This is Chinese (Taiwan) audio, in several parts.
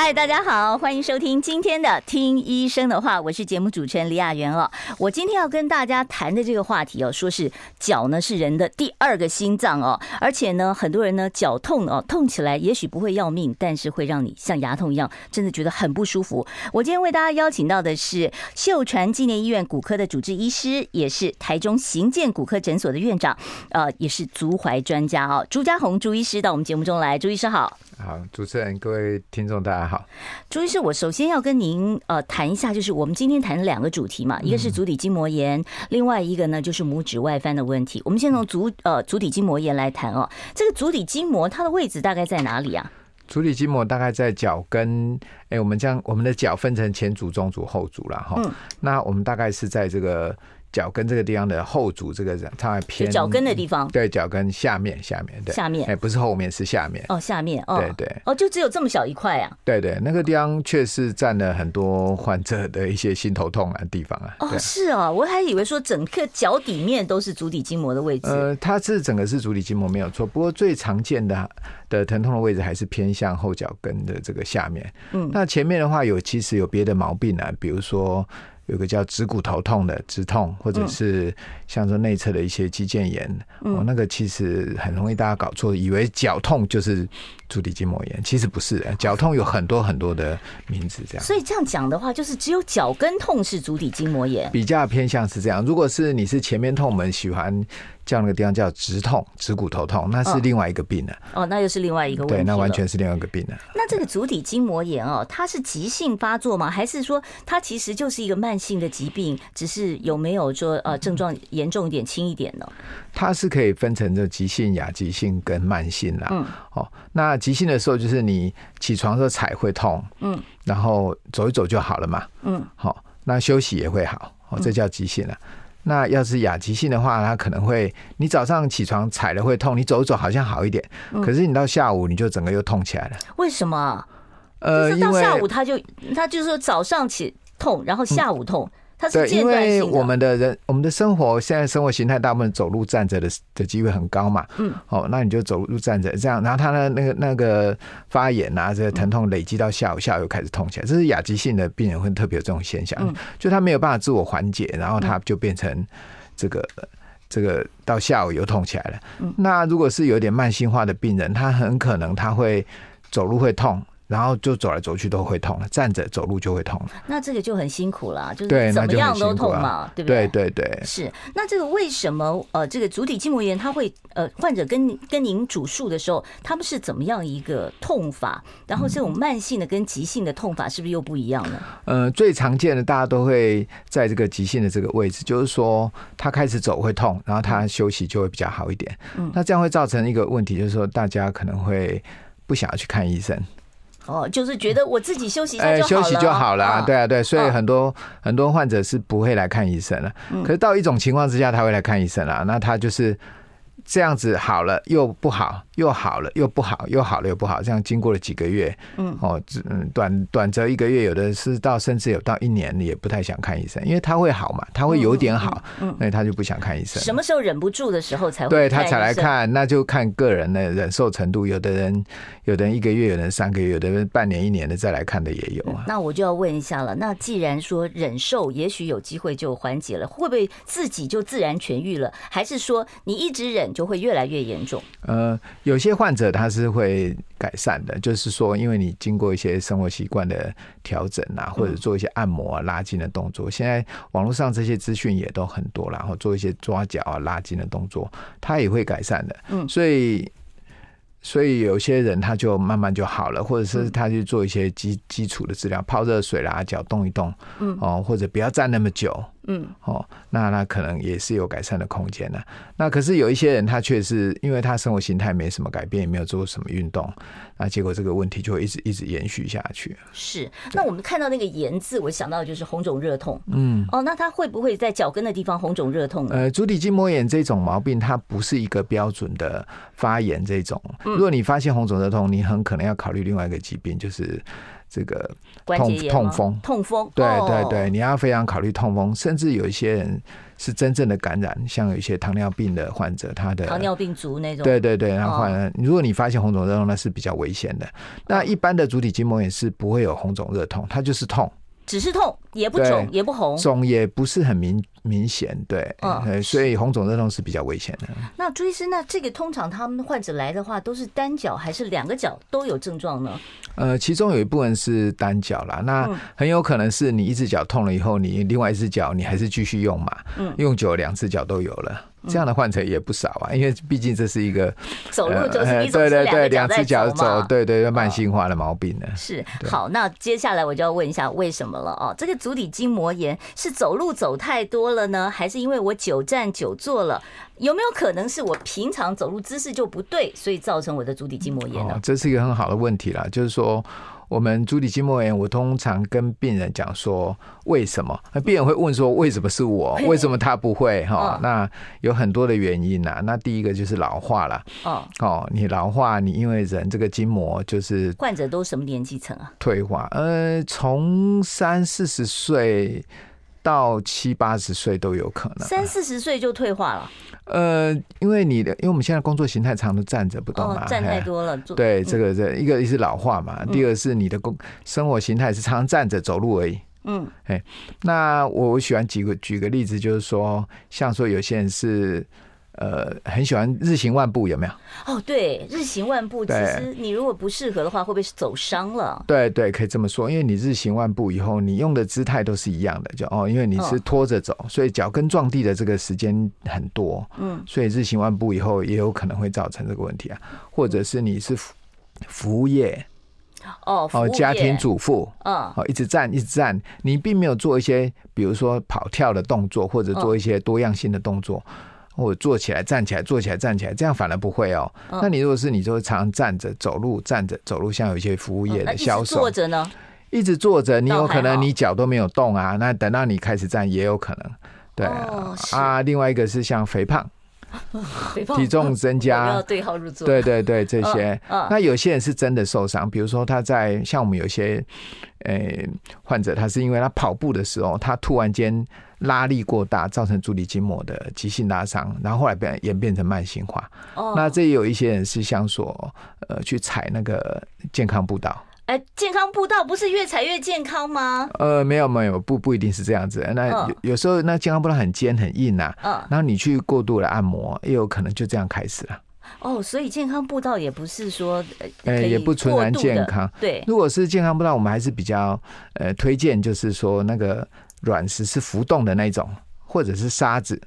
嗨，大家好，歡迎收聽今天的《聽醫生的話》，我是節目主持人李雅媛哦。我今天要跟大家談的這個話題哦，說是腳呢是人的第二個心臟哦，而且呢，很多人呢腳痛哦，痛起來也許不會要命，但是會讓你像牙痛一樣，真的覺得很不舒服。我今天為大家邀請到的是秀傳紀念醫院骨科的主治醫師，也是台中行健骨科診所的院長，呃，也是足踝專家哦，朱家宏朱醫師到我們節目中來，朱醫師好。好，主持人，各位聽眾大家。好，朱醫師，我首先要跟您呃談一下，就是我們今天談的兩個主題嘛，嗯，一個是足底筋膜炎，另外一個呢就是拇趾外翻的問題。我們先從足呃足底筋膜炎來談哦，這個足底筋膜它的位置大概在哪裡啊？足底筋膜大概在腳跟，哎，欸，我們將我們的腳分成前足、中足、後足了哈，那我們大概是在這個。腳跟這個地方的後足，這個它還偏腳跟的地方，嗯、對腳跟下面下面，對下面哎、欸，不是後面是下面哦，下面哦，對對、對哦，就只有這麼小一塊啊，對、對對，那個地方確實佔了很多患者的一些心頭痛的地方啊，哦是啊、哦，我還以為說整個腳底面都是足底筋膜的位置，呃，它是整個是足底筋膜沒有錯，不過最常見的的疼痛的位置還是偏向後腳跟的這個下面，嗯，那前面的話有其實有別的毛病啊，比如說。有個叫趾骨頭痛的，趾痛，或者是像說內側的一些肌腱炎，我、嗯哦、那個其實很容易大家搞錯，以為腳痛就是足底筋膜炎，其實不是。腳痛有很多很多的名字，這樣。所以這樣講的話，就是只有腳跟痛是足底筋膜炎。比較偏向是這樣，如果是你是前面痛，我們喜歡。叫那個地方叫直痛、直骨頭痛，那是另外一個病的哦，哦，那又是另外一個問題。對，那完全是另外一個病的。那這個足底筋膜炎哦，它是急性發作嗎？還是說它其實就是一個慢性的疾病，只是有沒有說呃症狀嚴重一點、輕一點呢、嗯？它是可以分成這急性、亞急性跟慢性啦。嗯，哦，那急性的時候就是你起床的時候踩會痛，嗯，然後走一走就好了嘛，嗯，好、哦，那休息也會好，哦，這叫急性了。嗯嗯那要是亞急性的話，它可能會你早上起床踩了會痛，你走一走好像好一點，嗯，可是你到下午你就整個又痛起來了。為什麼？呃，就是，到下午他就他就是說早上起痛，然後下午痛。嗯對，因為我們的人，我們的生活現在生活形態大部分走路站着的的機會很高嘛，嗯，好、哦，那你就走路站着這樣，然後他的那個那個發炎啊，這些疼痛累積到下午、嗯，下午又開始痛起來，這是亞急性的病人會特別有這種現象、嗯，就他沒有辦法自我緩解，然後他就變成這個、嗯、這個到下午又痛起來了、嗯。那如果是有點慢性化的病人，他很可能他會走路會痛。然後就走來走去都會痛了，站着走路就會痛了。那這個就很辛苦了啊，就是怎麼樣都痛嘛，對，對不對？對對對。是，那這個為什麼呃，這個足底筋膜炎它會呃，患者，跟跟您主訴的時候，他們是怎麼樣一個痛法？然後這種慢性的跟急性的痛法是不是又不一樣呢？嗯，呃，最常見的大家都會在這個急性的這個位置，就是說他開始走會痛，然後他休息就會比較好一點。嗯，那這樣會造成一個問題，就是說大家可能會不想要去看醫生。哦，就是覺得我自己休息一下就好了，欸，休息就好了，啊哦。對啊，對啊，所以很多、哦、很多患者是不會來看醫生了、啊。可是到一種情況之下，他會來看醫生了、啊嗯。那他就是。這樣子好了又不好，又好了又不好，又好了又不好，這樣經過了幾個月，嗯，哦，短短則一個月，有的是到甚至有到一年也不太想看醫生，因為他會好嘛，他會有點好，嗯，那他就不想看醫生。什麼時候忍不住的時候才會對他才來看，那就看個人的忍受程度。有的人，有的人一個月，有的人三個月，有的人半年一年的再來看的也有啊。那我就要問一下了，那既然說忍受，也許有機會就緩解了，會不會自己就自然痊癒了？還是說你一直忍？就會越來越嚴重。呃，有些患者他是會改善的，就是說，因為你經過一些生活習慣的調整啊，或者做一些按摩啊、拉筋的動作。現在網絡上這些資訊也都很多，然後做一些抓腳啊、拉筋的動作，他也會改善的。嗯，所以所以有些人他就慢慢就好了，或者是他去做一些基基礎的治療，泡熱水啦，腳動一動，嗯，哦，或者不要站那麼久。嗯，哦，那那可能也是有改善的空間的、啊。那可是有一些人，他確實因為他生活形態沒什麼改變，也沒有做過什麼運動，那結果這個問題就會一直一直延續下去。是，那我們看到那個“炎”字，我想到的就是紅腫熱痛。嗯，哦，那他會不會在腳跟的地方紅腫熱痛呢？呃，足底筋膜炎這種毛病，它不是一個標準的發炎這種。嗯、如果你發現紅腫熱痛，你很可能要考慮另外一個疾病，就是。這個痛，痛風，痛風，對對對，你要非常考慮痛風，甚至有一些人是真正的感染，像有一些糖尿病的患者，他的糖尿病足那種，對對對，然後呢，如果你發現紅腫熱痛，那是比較危險的。那一般的足底筋膜炎是不會有紅腫熱痛，它就是痛。只是痛，也不腫，也不紅，腫也不是很明明顯，對，嗯、哦，所以紅腫熱痛是比較危險的。那朱醫師，那這個通常他們患者來的話，都是單腳還是兩個腳都有症狀呢？呃，其中有一部分是單腳啦。那很有可能是你一只腳痛了以後，你另外一只腳你還是繼續用嘛，嗯，用久兩只腳都有了。這樣的患者也不少啊，因為畢竟這是一個走路，就是對對對，兩只腳走，對對，慢性化的毛病呢。是。好，那接下來我就要問一下為什麼了哦、啊，這個足底筋膜炎是走路走太多了呢，還是因為我久站久坐了？有沒有可能是我平常走路姿勢就不對，所以造成我的足底筋膜炎呢、啊嗯？這是一個很好的問題啦，就是說。我們足底筋膜炎，我通常跟病人講說為什麼，那病人會問說，為什麼是我，為什麼他不會哈？那有很多的原因吶、啊。那第一個就是老化了。哦，哦，你老化，你因為人這個筋膜就是患者都什麼年紀層啊？退化，呃，從三四十歲。到七八十歲都有可能，三四十歲就退化了。呃，因為你的，因為我們現在工作形態常都站着不動嘛、哦，站太多了。對，這個這一個、一個是老化嘛，嗯、第二個是你的工生活形態是常站着走路而已。嗯，哎，那我喜歡舉個舉個例子，就是說，像說有些人是。呃，很喜歡日行萬步，有沒有？哦，對，日行萬步，其實你如果不適合的話，會不會是走傷了？對對，可以這麼說，因為你日行萬步以後，你用的姿態都是一樣的，就哦，因為你是拖着走、哦，所以腳跟撞地的這個時間很多，嗯，所以日行萬步以後也有可能會造成這個問題啊，或者是你是服務業，嗯、哦哦，家庭主婦，嗯、哦，哦，一直站一直站，你並沒有做一些，比如說跑跳的動作，或者做一些多樣性的動作。哦或者坐起來，站起來，坐起來，站起來，這樣反而不會哦、喔。那你如果是你就常站着走路，站着走路，像有一些服務業的銷售，一直坐着呢，一直坐着，你有可能你腳都沒有動啊。那等到你開始站，也有可能對啊，啊。另外一個是像肥胖，肥胖，體重增加，對對對，對，這些。那有些人是真的受傷，比如說他在像我們有些呃患者，他是因為他跑步的時候，他突然間。拉力過大，造成足底筋膜的急性拉傷，然後後來變演變成慢性化。哦、oh,，那這也有一些人是想說，呃，去踩那個健康步道。哎、欸，健康步道不是越踩越健康嗎？呃，沒有沒有，不不一定是這樣子。那有,、oh. 有時候那健康步道很尖很硬吶、啊，嗯、oh.，然後你去過度的按摩，也有可能就這樣開始了。哦、oh,，所以健康步道也不是說，呃,呃，也不純然健康。對，如果是健康步道，我們還是比較呃推薦，就是說那個。卵石是浮動的那種，或者是沙子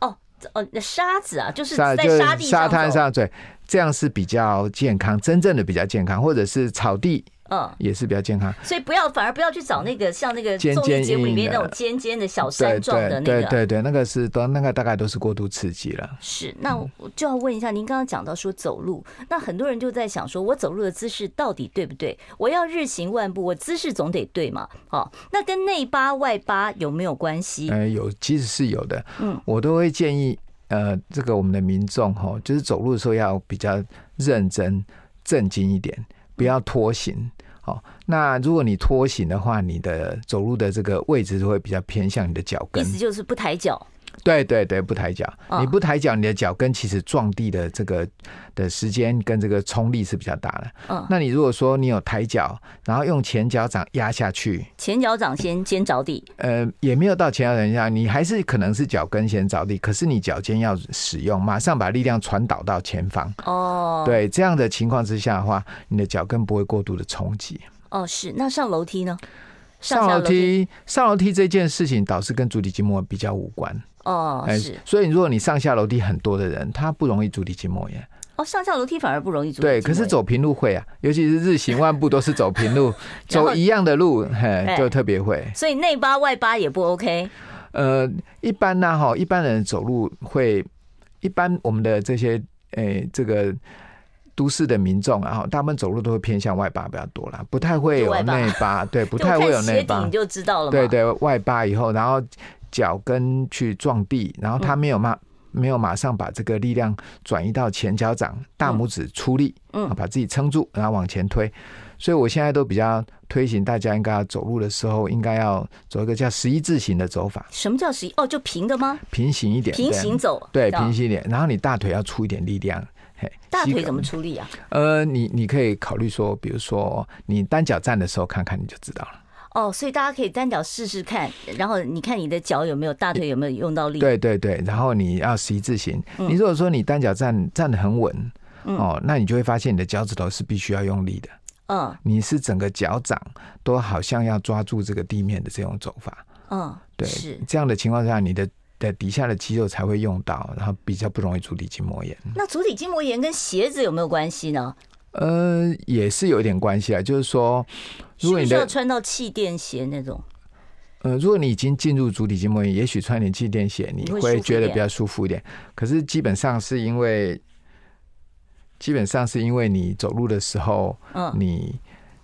哦哦，沙子啊，就是在沙，地上沙、就是、沙灘上對，這樣是比較健康，真正的比較健康，或者是草地。嗯，也是比較健康，所以不要反而不要去找那個像那個綜藝節目裡面那種尖尖的小山狀的那個、嗯，對對對，那個是都那個大概都是過度刺激了。是，那我就要問一下，您剛剛講到說走路，那很多人就在想說，我走路的姿勢到底對不對？我要日行萬步，我姿勢總得對嘛？好、哦，那跟內八外八有沒有關係？呃，有，其實是有的。嗯，我都會建議呃，這個我們的民眾哈，就是走路的時候要比較認真、正經一點，不要拖行。哦，那如果你拖行的話，你的走路的這個位置就會比較偏向你的腳跟，意思就是不抬腳。對對對，不抬腳、oh.，你不抬腳，你的腳跟其實撞地的這個的時間跟這個衝力是比較大的。嗯，那你如果說你有抬腳，然後用前腳掌壓下去，前腳掌先先着地，呃，也沒有到前腳掌一下，你還是可能是腳跟先着地，可是你腳尖要使用，馬上把力量傳導到前方。哦，對，這樣的情況之下的話，你的腳跟不會過度的衝擊。哦，是。那上樓梯呢？上樓梯，上樓梯這件事情倒是跟足底筋膜比較無關。哦、oh, 欸，是，所以如果你上下樓梯很多的人，他不容易足底筋膜炎。哦、oh，上下樓梯反而不容易足底筋膜炎。對，可是走平路會啊，尤其是日行萬步都是走平路， 走一樣的路，嘿、欸欸，就特別會。所以內八外八也不 OK。呃，一般呢，哈，一般人走路會，一般我們的這些，誒、欸，這個都市的民眾啊，哈，他們走路都會偏向外八比較多啦，不太會有內八， 對，不太會有內八，就你就知道了嘛，對,對對，外八以後，然後。腳跟去撞地，然後他沒有馬，沒有馬上把這個力量轉移到前腳掌，大拇指出力，嗯，把自己撐住，然後往前推。所以我現在都比較推行，大家應該要走路的時候，應該要走一個叫十一字形的走法。什麼叫十一？哦，就平的嗎？平行一點，平行走，對，平行一點。然後你大腿要出一點力量，嘿，大腿怎麼出力啊？呃，你你可以考慮說，比如說你單腳站的時候，看看你就知道了。哦，所以大家可以單腳試試看，然後你看你的腳有沒有，大腿有沒有用到力？對對對，然後你要十一字形。你如果說你單腳站站得很穩，嗯，哦，那你就會發現你的腳趾頭是必須要用力的。嗯，你是整個腳掌都好像要抓住這個地面的這種走法。嗯，對，是這樣的情況下，你的的底下的肌肉才會用到，然後比較不容易足底筋膜炎。那足底筋膜炎跟鞋子有沒有關係呢？呃，也是有一點關係啊，就是說，是不是要穿到氣墊鞋那種？呃，如果你已經進入足底筋膜炎，也許穿點氣墊鞋，你會覺得比較舒服，舒服一點。可是基本上是因為，基本上是因為你走路的時候，嗯，你。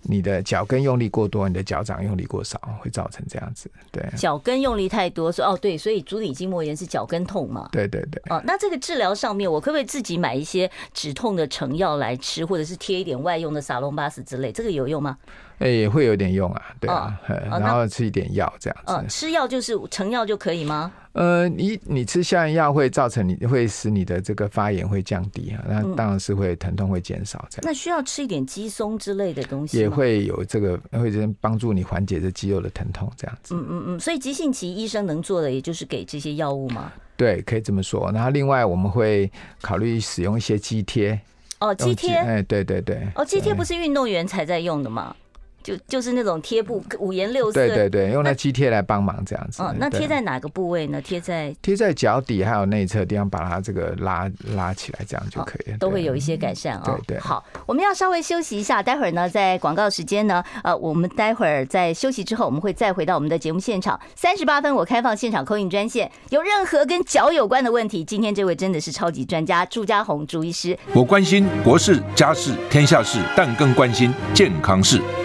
你的腳跟用力過多，你的腳掌用力過少，會造成這樣子。對，腳跟用力太多，說哦，對，所以足底筋膜炎是腳跟痛嘛？對對對。哦，那這個治療上面，我可不可以自己買一些止痛的成藥來吃，或者是貼一點外用的撒隆巴斯之類？這個有用嗎？哎、欸，也會有點用啊，對啊，哦嗯、然後吃一點藥這樣子。哦哦、吃藥就是成藥就可以嗎？呃，你你吃消炎藥會造成你會使你的這個發炎會降低啊，那、嗯、當然是會疼痛會減少這樣。那需要吃一點肌鬆之類的東西，也會有這個會人幫助你緩解這肌肉的疼痛這樣子。嗯嗯嗯，所以急性期醫生能做的也就是給這些藥物嗎？對，可以這麼說。然後另外我們會考慮使用一些肌貼。哦，肌貼，哎，欸、對，對對對。哦，肌貼不是運動員才在用的嗎？就就是那種貼布，五顏六色的，對對對，用那肌貼來幫忙這樣子。嗯、哦，那貼在哪個部位呢？貼在貼在腳底還有內側地方，把它這個拉拉起來，這樣就可以、哦，都會有一些改善啊、哦。對，對對，好，我們要稍微休息一下，待會兒呢，在廣告時間呢，呃，我們待會兒在休息之後，我們會再回到我們的節目現場。三十八分，我開放現場 call in 專線，有任何跟腳有關的問題，今天這位真的是超級專家朱家宏朱醫師。我關心國事家事天下事，但更關心健康事。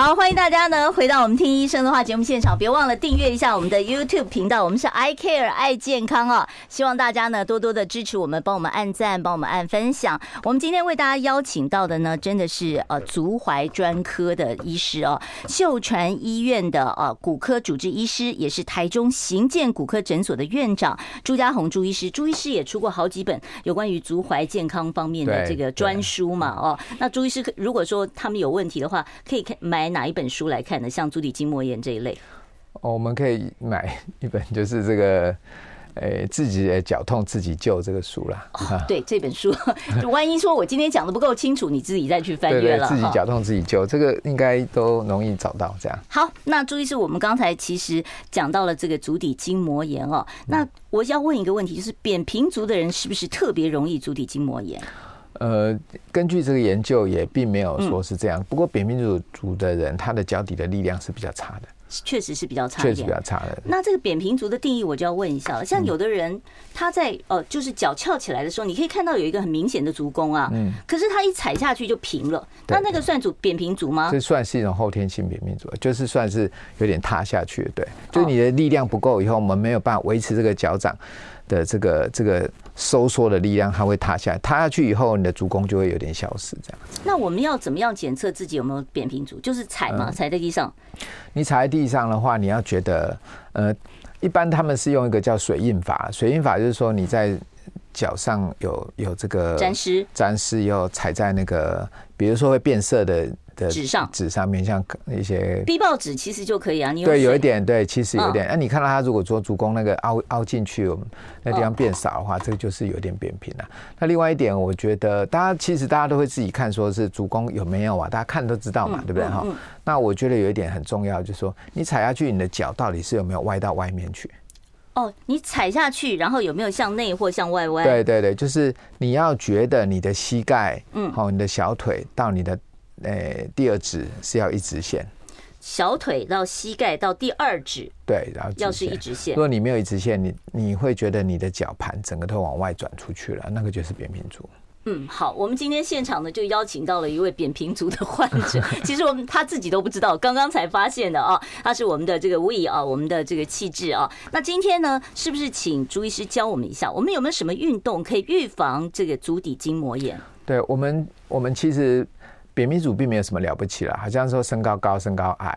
好，歡迎大家呢回到我們聽醫生的話節目現場，別忘了訂閱一下我們的 YouTube 頻道，我們是 I Care 愛健康哦，希望大家呢多多的支持我們，幫我們按讚，幫我們按分享。我們今天為大家邀請到的呢，真的是呃足踝專科的醫師哦，秀傳醫院的呃骨科主治醫師，也是台中行健骨科診所的院長朱家宏朱醫師。朱醫師也出過好幾本有關於足踝健康方面的這個專書嘛哦，那朱醫師如果說他們有問題的話，可以買。哪一本書來看呢？像足底筋膜炎這一類，我們可以買一本，就是這個，呃、欸，自己的腳痛自己救這個書啦。哦、對，這本書， 萬一說我今天講的不夠清楚，你自己再去翻閱了。對對對。自己腳痛自己救，哦、這個應該都容易找到。這樣。好，那朱醫師我們剛才其實講到了這個足底筋膜炎哦、嗯。那我要問一個問題，就是扁平足的人是不是特別容易足底筋膜炎？呃，根據這個研究也並沒有說是這樣，嗯、不過扁平足，足的人，他的腳底的力量是比較差的，確實是比較差，確實比較差的。那這個扁平足的定義，我就要問一下了。像有的人他在、嗯、呃，就是腳翹起來的時候，你可以看到有一個很明顯的足弓啊，嗯，可是他一踩下去就平了，嗯、那那個算是扁平足嗎？這算是一種後天性扁平足，就是算是有點塌下去了。對，就你的力量不夠以後，我們沒有辦法維持這個腳掌。的這個這個收縮的力量，它會塌下來，塌下去以後，你的足弓就會有點消失。這樣，那我們要怎麼樣檢測自己有沒有扁平足？就是踩嘛，踩在地上。你踩在地上的話，你要覺得，呃，一般他們是用一個叫水印法。水印法就是說，你在腳上有有這個沾濕，沾濕以後踩在那個，比如說會變色的。紙上紙上面像一些低報紙其實就可以啊，你對有一點對，其實有一點、啊。那你看到他如果說足弓那個凹凹進去，那地方變少的話，這個就是有點扁平了、啊。那另外一點，我覺得大家其實大家都會自己看，說是足弓有沒有啊？大家看都知道嘛，對不對哈？那我覺得有一點很重要，就是說你踩下去，你的腳到底是有沒有歪到外面去？哦，你踩下去，然後有沒有向內或向外？歪對對對，就是你要覺得你的膝蓋，嗯，好，你的小腿到你的。哎，第二指是要一直線，小腿到膝蓋到第二指，對，然後要是一直線。如果你沒有一直線，你你會覺得你的腳盤整個都往外轉出去了，那個就是扁平足。嗯，好，我們今天現場呢就邀請到了一位扁平足的患者， 其實我們他自己都不知道，剛剛才發現的啊，他是我們的這個 w 啊，我們的這個氣質啊。那今天呢，是不是請朱醫師教我們一下，我們有沒有什麼運動可以預防這個足底筋膜炎？對我們，我們其實。扁平足並沒有什麼了不起了，好像說身高高、身高矮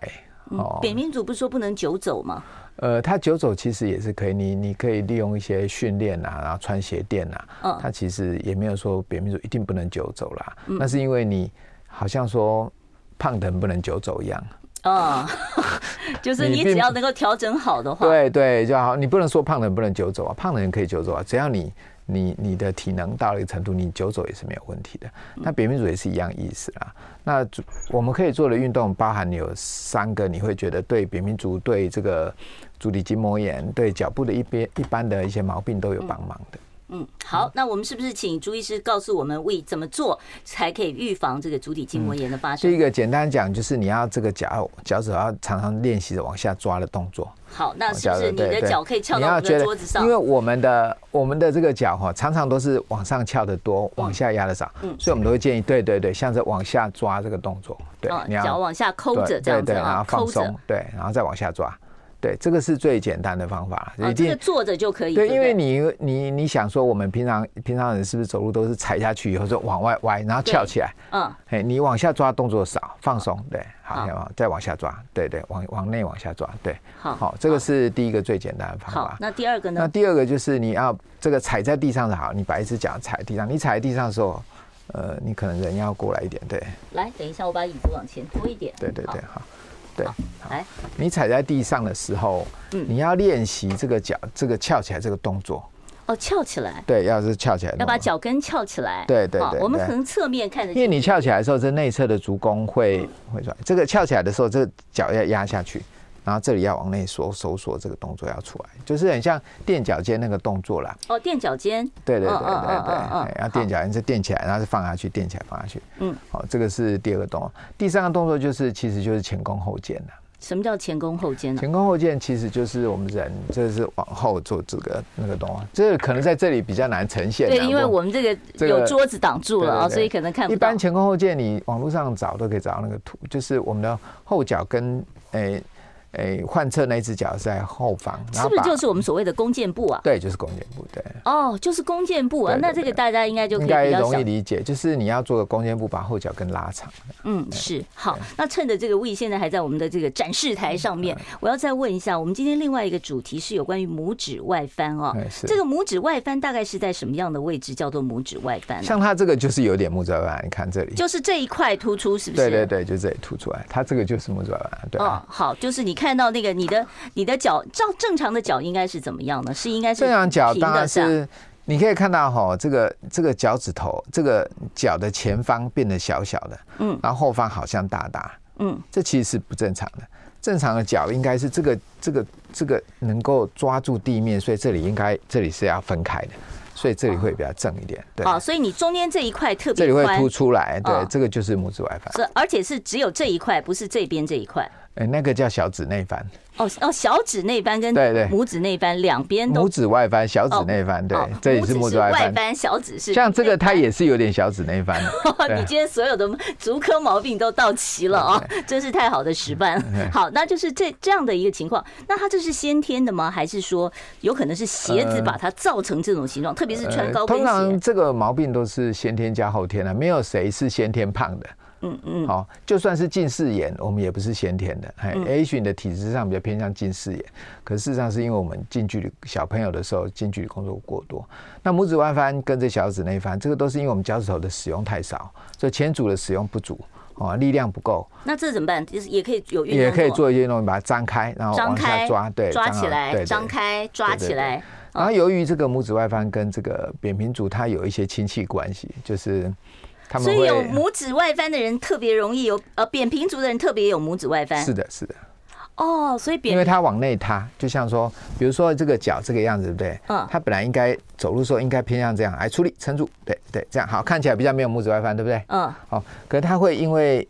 哦。扁平足不是說不能久走嗎？呃，他久走其實也是可以，你你可以利用一些訓練啊，然後穿鞋墊啊，嗯、哦，他其實也沒有說扁平足一定不能久走啦、嗯。那是因為你好像說胖的人不能久走一樣，哦， 就是你只要能夠調整好的話，對對就好。你不能說胖的人不能久走啊，胖的人可以久走啊，只要你。你你的體能到了一個程度，你久走也是沒有問題的。那扁平足也是一樣意思啦、啊。那我們可以做的運動，包含有三個，你會覺得對扁平足、對這個足底筋膜炎、對腳部的一邊一般的一些毛病都有幫忙的。嗯，好，那我們是不是請朱醫師告訴我們，為怎麼做才可以預防這個足底筋膜炎的發生？嗯、第一個簡單講，就是你要這個腳腳趾要常常練習着往下抓的動作。好，那是不是你的腳可以翹到桌子上？因為我們的我們的這個腳哈，常常都是往上翹的多，往下壓的少、嗯，所以我們都會建議，對對對，像着往下抓這個動作，對，啊、你要腳往下摳着，這樣子，對對對，然後放鬆，對，然後再往下抓。對，這個是最簡單的方法，你、啊、這個坐着就可以。對，對，因為你你你想說，我們平常平常人是不是走路都是踩下去以後就往外歪，然後翹起來？嗯嘿，你往下抓動作少，放鬆。啊、對好，好，再往下抓，對對，往往內往下抓，對。好、哦，這個是第一個最簡單的方法。那第二個呢？那第二個就是你要這個踩在地上的好，你把一只腳踩在地上，你踩在地上的時候，呃，你可能人要過來一點，對。來，等一下，我把椅子往前拖一點。對對對，好。對，你踩在地上的時候，嗯，你要練習這個腳、嗯、這個翹起來這個動作。哦，翹起來。對，要是翹起來，要把腳跟翹起來。對對對、哦，我們可能側面看得見。因為你翹起來的時候，這內側的足弓會、嗯、會轉。這個翹起來的時候，這腳要壓下去。然後這裡要往內縮，收縮這個動作要出來，就是很像墊腳尖那個動作啦。哦，墊腳尖。對對對對對。然、哦、後、哦哦哦哎、墊腳尖是墊起來，然後是放下去，墊起來放下去。嗯。好、哦，這個是第二個動作。第三個動作就是，其實就是前弓後箭的、啊。什麼叫前弓後箭、啊、前弓後箭其實就是我們人就是往後做這個那個動作，這個可能在這裡比較難呈現、啊。對，因為我們這個、這個、有桌子擋住了啊、哦，所以可能看不到。一般前弓後箭，你網絡上找都可以找到那個圖，就是我們的後腳跟誒。欸哎、欸，換側那隻腳在後方後，是不是就是我們所謂的弓箭步啊？對，就是弓箭步，對。哦、oh,，就是弓箭步啊對對對，那這個大家應該就可以比較容易理解，就是你要做個弓箭步，把後腳跟拉長。嗯，是。好，那趁着這個位現在還在我們的這個展示台上面，我要再問一下，我們今天另外一個主題是有關於拇趾外翻哦對是。這個拇趾外翻大概是在什麼樣的位置？叫做拇趾外翻、啊？像他這個就是有點拇趾外翻，你看這裡，就是這一塊突出，是不是？對對對，就這裡突出來，他這個就是拇趾外翻，對哦、啊，oh, 好，就是你。看到那個你的你的腳照正常的腳應該是怎麼樣呢？是應該是正常腳當然是你可以看到哈，這個這個腳趾頭，這個腳的前方變得小小的，嗯，然後後方好像大大，嗯，這其實是不正常的。正常的腳應該是這個這個這個能夠抓住地面，所以這裡應該這裡是要分開的，所以這裡會比較正一點。對啊，所以你中間這一塊特別這裡會凸出來，對，這個就是拇趾外翻。是，而且是只有這一塊，不是這邊這一塊。哎，那個叫小指內翻哦，哦，小指內翻跟對對拇指內翻，兩邊都對對拇指外翻，小指內翻、哦、對，這也是拇指外翻、哦，小指是像這個，它也是有點小指內翻。 你今天所有的足科毛病都到齊了哦，okay，真是太好的示範，嗯。好，那就是這這樣的一個情況。那它這是先天的嗎？還是說有可能是鞋子把它造成這種形狀？呃、特別是穿高跟鞋、呃。通常這個毛病都是先天加後天的、啊，沒有誰是先天胖的。嗯嗯，好、嗯哦，就算是近視眼，我們也不是先天的。哎，也、嗯、許的體質上比較偏向近視眼，可事實上是因為我們近距離小朋友的時候，近距離工作過多。那拇趾外翻跟這小指內翻，這個都是因為我們腳趾頭的使用太少，所以前足的使用不足，啊、哦，力量不夠。那這怎麼辦？就是也可以有運動，也可以做一些運動，把它張開，然後張開抓，對，抓起來，張開抓起來。對對對，然後由於這個拇趾外翻跟這個扁平足它有一些親戚關係，就是。所以有拇趾外翻的人特別容易有呃扁平足，的人特別有拇趾外翻。是的，是的。哦，所以扁因為他往內塌，就像說，比如說這個腳這個樣子，對不對？嗯。他本來應該走路的時候應該偏向這樣，哎，出力撐住，對對，這樣好，看起來比較沒有拇趾外翻，對不對？嗯。好、哦。可是他會因為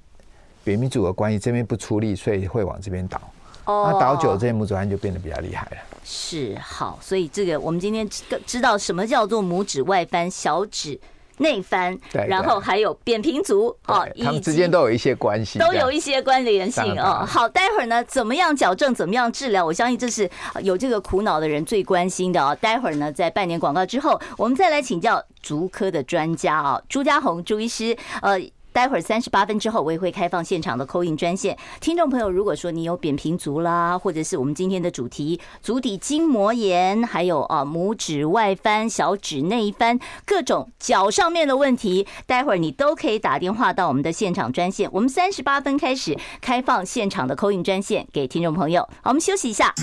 扁平足的關係，這邊不出力，所以會往這邊倒。哦。那倒久，這些拇趾外翻就變得比較厲害了。是，好，所以這個我們今天知知道什麼叫做拇趾外翻，小指。內翻，然後還有扁平足啊、哦，他們之間都有一些關係，都有一些關聯性哦，好，待會兒呢，怎麼樣矯正，怎麼樣治療？我相信這是有這個苦惱的人最關心的哦，待會兒呢，在半年廣告之後，我們再來請教足科的專家啊、哦，朱家宏朱醫師，呃。待會兒三十八分之後，我也會開放現場的 call in 專線。聽眾朋友，如果說你有扁平足啦，或者是我們今天的主題足底筋膜炎，還有啊拇趾外翻、小趾內翻，各種腳上面的問題，待會兒你都可以打電話到我們的現場專線。我們三十八分開始開放現場的 call in 專線給聽眾朋友。好，我們休息一下。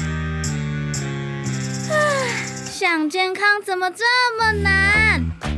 想健康怎麼這麼難？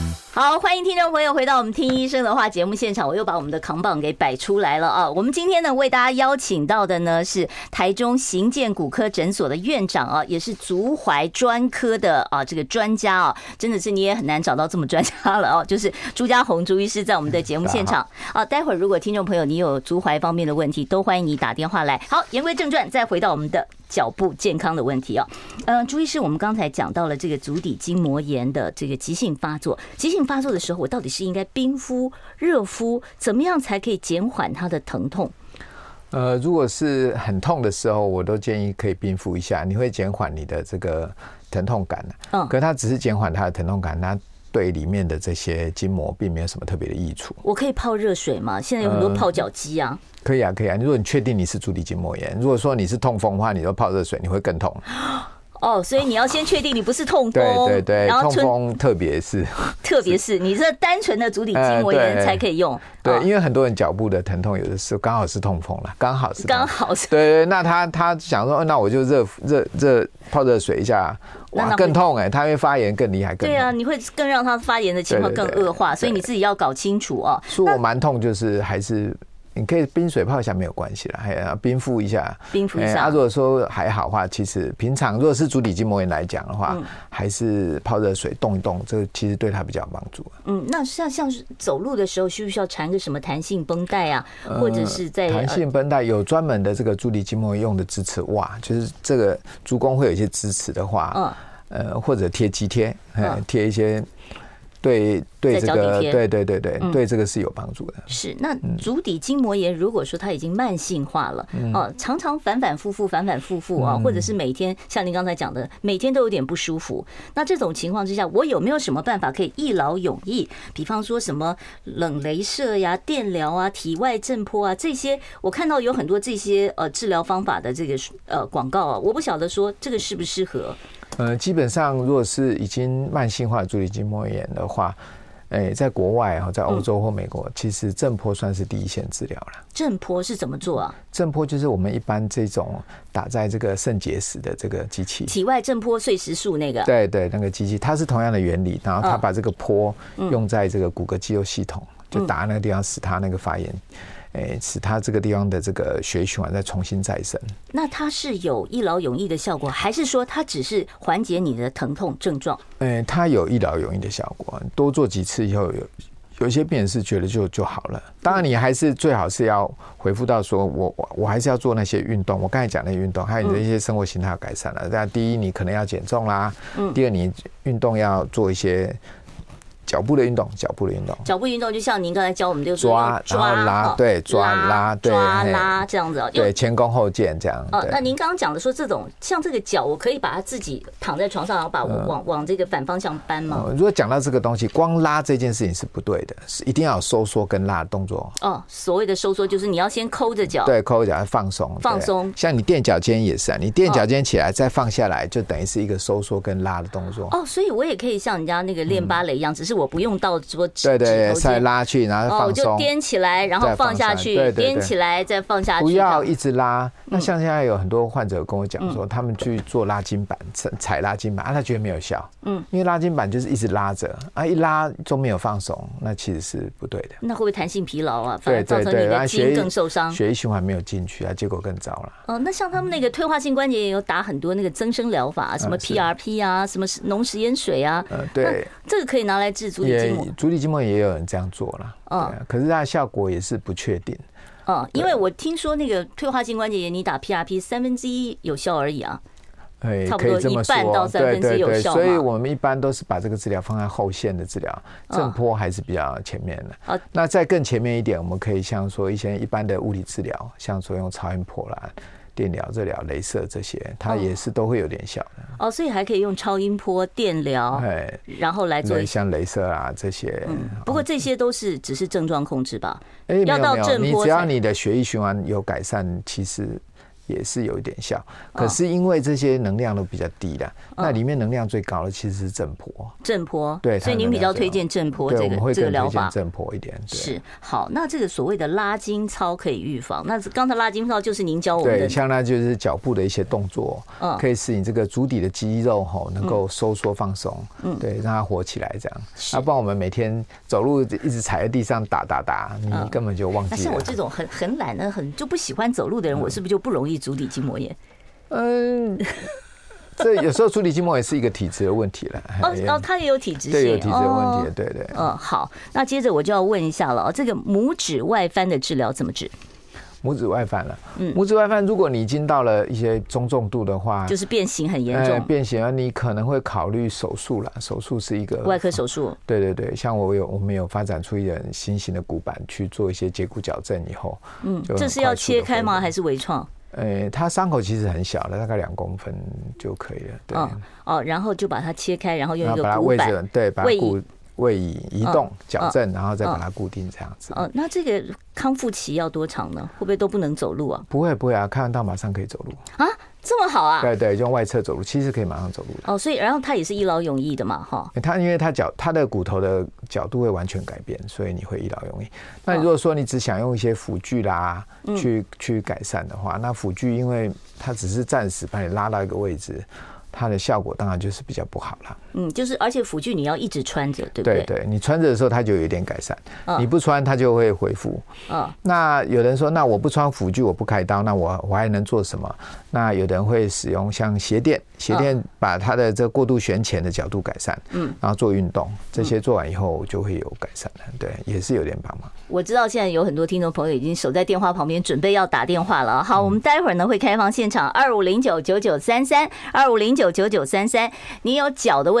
好，歡迎聽眾朋友回到我們聽醫生的話節目現場。我又把我們的扛棒給擺出來了啊！我們今天呢，為大家邀請到的呢是台中行健骨科診所的院長啊，也是足踝專科的啊這個專家啊，真的是你也很難找到這麼專家了哦、啊。就是朱家宏朱醫師在我們的節目現場啊，待會兒如果聽眾朋友你有足踝方面的問題，都歡迎你打電話來。好，言歸正傳，再回到我們的。腳部健康的問題哦，呃，朱醫師，我們剛才講到了這個足底筋膜炎的這個急性發作，急性發作的時候，我到底是應該冰敷、熱敷，怎麼樣才可以減緩它的疼痛？呃，如果是很痛的時候，我都建議可以冰敷一下，你會減緩你的這個疼痛感的。嗯，可是它只是減緩它的疼痛感，它。對裡面的這些筋膜並沒有什麼特別的益處。我可以泡熱水嗎？現在有很多泡腳機啊、嗯。可以啊，可以啊。如果你確定你是足底筋膜炎，如果說你是痛風的話，你都泡熱水，你會更痛。哦、oh，所以你要先確定你不是痛風， 對對對，然後痛風特別是，特別是，是你這單純的足底筋膜炎才可以用。嗯、對、啊，因為很多人腳部的疼痛，有的時候剛好是痛風了，剛好是剛好是。對對、對，那他他想說，那我就熱熱熱泡熱水一下， 哇更痛哎、欸，他會發炎更厲害，更痛，對啊，你會更讓他發炎的情況更惡化，對對對，所以你自己要搞清楚哦。對對對，說我蠻痛，就是還是。你可以冰水泡一下沒有關係了。還、啊、冰敷一下。冰敷一下。如果說還好的話，其實平常如果是足底筋膜炎來講的話、嗯，還是泡熱水動一動，這個其實對它比較有幫助。嗯，那像像是走路的時候，需不需要纏個什麼彈性繃帶啊、嗯，或者是在？彈性繃帶有專門的這個足底筋膜用的支持襪，就是這個足弓會有一些支持的話，嗯，呃、或者貼肌貼，貼、嗯嗯、一些。對對，在腳底貼。對對對對對，對，對，對，對，、嗯、對這個是有幫助的。是，那足底筋膜炎，如果說它已經慢性化了，哦，常常反反复覆反反复覆啊，或者是每天像您剛才講的，每天都有點不舒服，那這種情況之下，我有沒有什麼辦法可以一勞永逸？比方說什麼冷雷射呀、電療啊、體外震波啊這些，我看到有很多這些呃治療方法的這個呃廣告啊，我不曉得說這個適不適合。呃，基本上，如果是已經慢性化的足底筋膜炎的話，哎、欸，在國外哈，在歐洲或美國，嗯、其實震波算是第一線治療了。震波是怎麼做啊？震波就是我們一般這種打在這個腎結石的這個機器，體外震波碎石術那個。對對，那個機器，它是同樣的原理，然後它把這個波用在這個骨骼肌肉系統，嗯、就打在那個地方，使它那個發炎。欸、使它這個地方的這個血循環再重新再生。那它是有一勞永逸的效果，還是說它只是緩解你的疼痛症狀？欸、它有一勞永逸的效果，多做幾次以後，有有一些病人是覺得就就好了。當然，你還是最好是要回復到說，我我我還是要做那些運動。我剛才講那些運動，還有你的一些生活形態要改善了、啊。嗯、那第一，你可能要減重啦，第二，你運動要做一些。腳步的運動，腳步的運動，腳步運動就像您剛才教我們就是抓抓，然後拉、哦、對抓拉，拉，對抓拉對，抓拉這樣子、哦，對前弓後箭這樣。哦，那您剛剛講的說這種像這個腳，我可以把它自己躺在床上，然後把往、嗯、往這個反方向搬嗎？哦、如果講到這個東西，光拉這件事情是不對的，是一定要有收縮跟拉的動作。哦，所謂的收縮就是你要先摳着腳，對摳着腳要放鬆，放鬆。像你墊腳尖也是，啊，你墊腳尖起來再放下來，哦、就等於是一個收縮跟拉的動作。哦，所以我也可以像人家那個練芭蕾一樣，只、嗯、是。是我不用倒着對，對對，再拉去，然後放鬆。我、哦、就顛起來，然後放下去，顛起來再放下去。不要一直拉。那像現在有很多患者跟我講說、嗯，他們去做拉筋板，嗯、踩拉筋板啊，他覺得沒有效。嗯，因為拉筋板就是一直拉着、嗯、啊，一拉就沒有放鬆，那其實是不對的。那會不會彈性疲勞啊造成？對對對，那肌肉更受傷，血液循環沒有進去啊，結果更糟了、嗯。哦，那像他們那個退化性關節也有打很多那個增生療法、啊嗯，什麼 PRP 啊，嗯、什麼濃食鹽水啊。嗯、對，這個可以拿來。也足底筋膜也有人這樣做了，嗯，可是它的效果也是不確定。嗯，因為我聽說那個退化性關節炎，你打 PRP 三分之一有效而已啊，哎，差不多一半到三分之一有效嘛，對對對對，所以我們一般都是把這個治療放在後線的治療，震波還是比較前面的。哦。那再更前面一點，我們可以像說一些一般的物理治療，像說用超音波啦。電療、熱療、雷射這些，它也是都會有點效的哦。哦，所以還可以用超音波、電療，哎，然後來做，像雷射啊這些。嗯，不過這些都是只是症狀控制吧？哦哎、要到震波，沒有，你只要你的血液循環有改善，其實。也是有一點像，可是因為這些能量都比較低的、嗯，那裡面能量最高的其實是震波。震波。對，所以您比較推薦震波。我們會更了解震波一點是好。那這個所謂的拉筋操可以預防。那剛才拉筋操就是您教我們的，對像那就是腳部的一些動作，嗯、可以使你這個足底的肌肉哈能夠收縮放鬆、嗯。對，讓它活起來這樣。那、嗯、幫、啊、我們每天走路一直踩在地上打打打，嗯、你根本就忘記了。那像我這種很很懶的、很就不喜歡走路的人，嗯、我是不是就不容易？足底筋膜炎，嗯，這有時候足底筋膜炎也是一個體質的問題了。哦、 嗯、哦，它、哦、也有體質，對，有體質問題，哦、對、對對。嗯、哦，好，那接着我就要問一下了、哦、這個拇趾外翻的治療怎麼治？拇趾外翻了，嗯，拇趾外翻，如果你已經到了一些中重度的話，嗯、就是變形很嚴重、呃，變形啊，你可能會考慮手術了。手術是一個外科手術、嗯，對對對，像我有我們有發展出一點新型的骨板、嗯、去做一些截骨矯正以後，嗯，這是要切開嗎？還是微創？呃、欸，它傷口其實很小，大概兩公分就可以了。對哦，哦，然後就把它切開，然後用一個骨板，然後把它位置，對，把骨。位移、移動、矯正，然後再把它固定，這樣子。哦，那這個康復期要多長呢？會不會都不能走路啊？不會，不會啊，看到馬上可以走路啊，這麼好啊？對對，用外側走路，其實可以馬上走路的。哦，所以然後它也是一勞永逸的嘛，哈。它因為它腳它的骨頭的角度會完全改變，所以你會一勞永逸。那你如果說你只想用一些輔具啦，去去改善的話，那輔具因為它只是暫時把你拉到一個位置，它的效果當然就是比較不好了。嗯，就是，而且輔具你要一直穿着，對不對？對,對，你穿着的時候，它就有點改善；哦、你不穿，它就會恢復。嗯、哦。那有人說，那我不穿輔具，我不開刀，那我我還能做什麼？那有的人會使用像鞋墊，鞋墊把它的這個過度旋前的角度改善。嗯、哦。然後做運動、嗯，這些做完以後就會有改善、嗯。對，也是有點幫忙。我知道現在有很多聽眾朋友已經守在電話旁邊，準備要打電話了。好，我們待會兒呢會開放現場二五零九九九三三二五零九九九三三，2509 -9933, 2509 -9933, 你有腳的問。